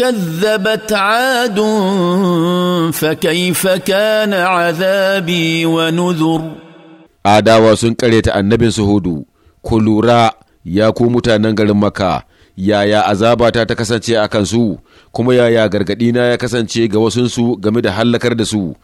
كذبت عاد فكيف كان عذابي ونذر adawa sun ƙareta annabin su hudu ku lura ya ku mutanen garin maka yaya azabata ta kasance a kansu kuma yaya gargaɗina ya kasance ga wasunsu game da hallakar da su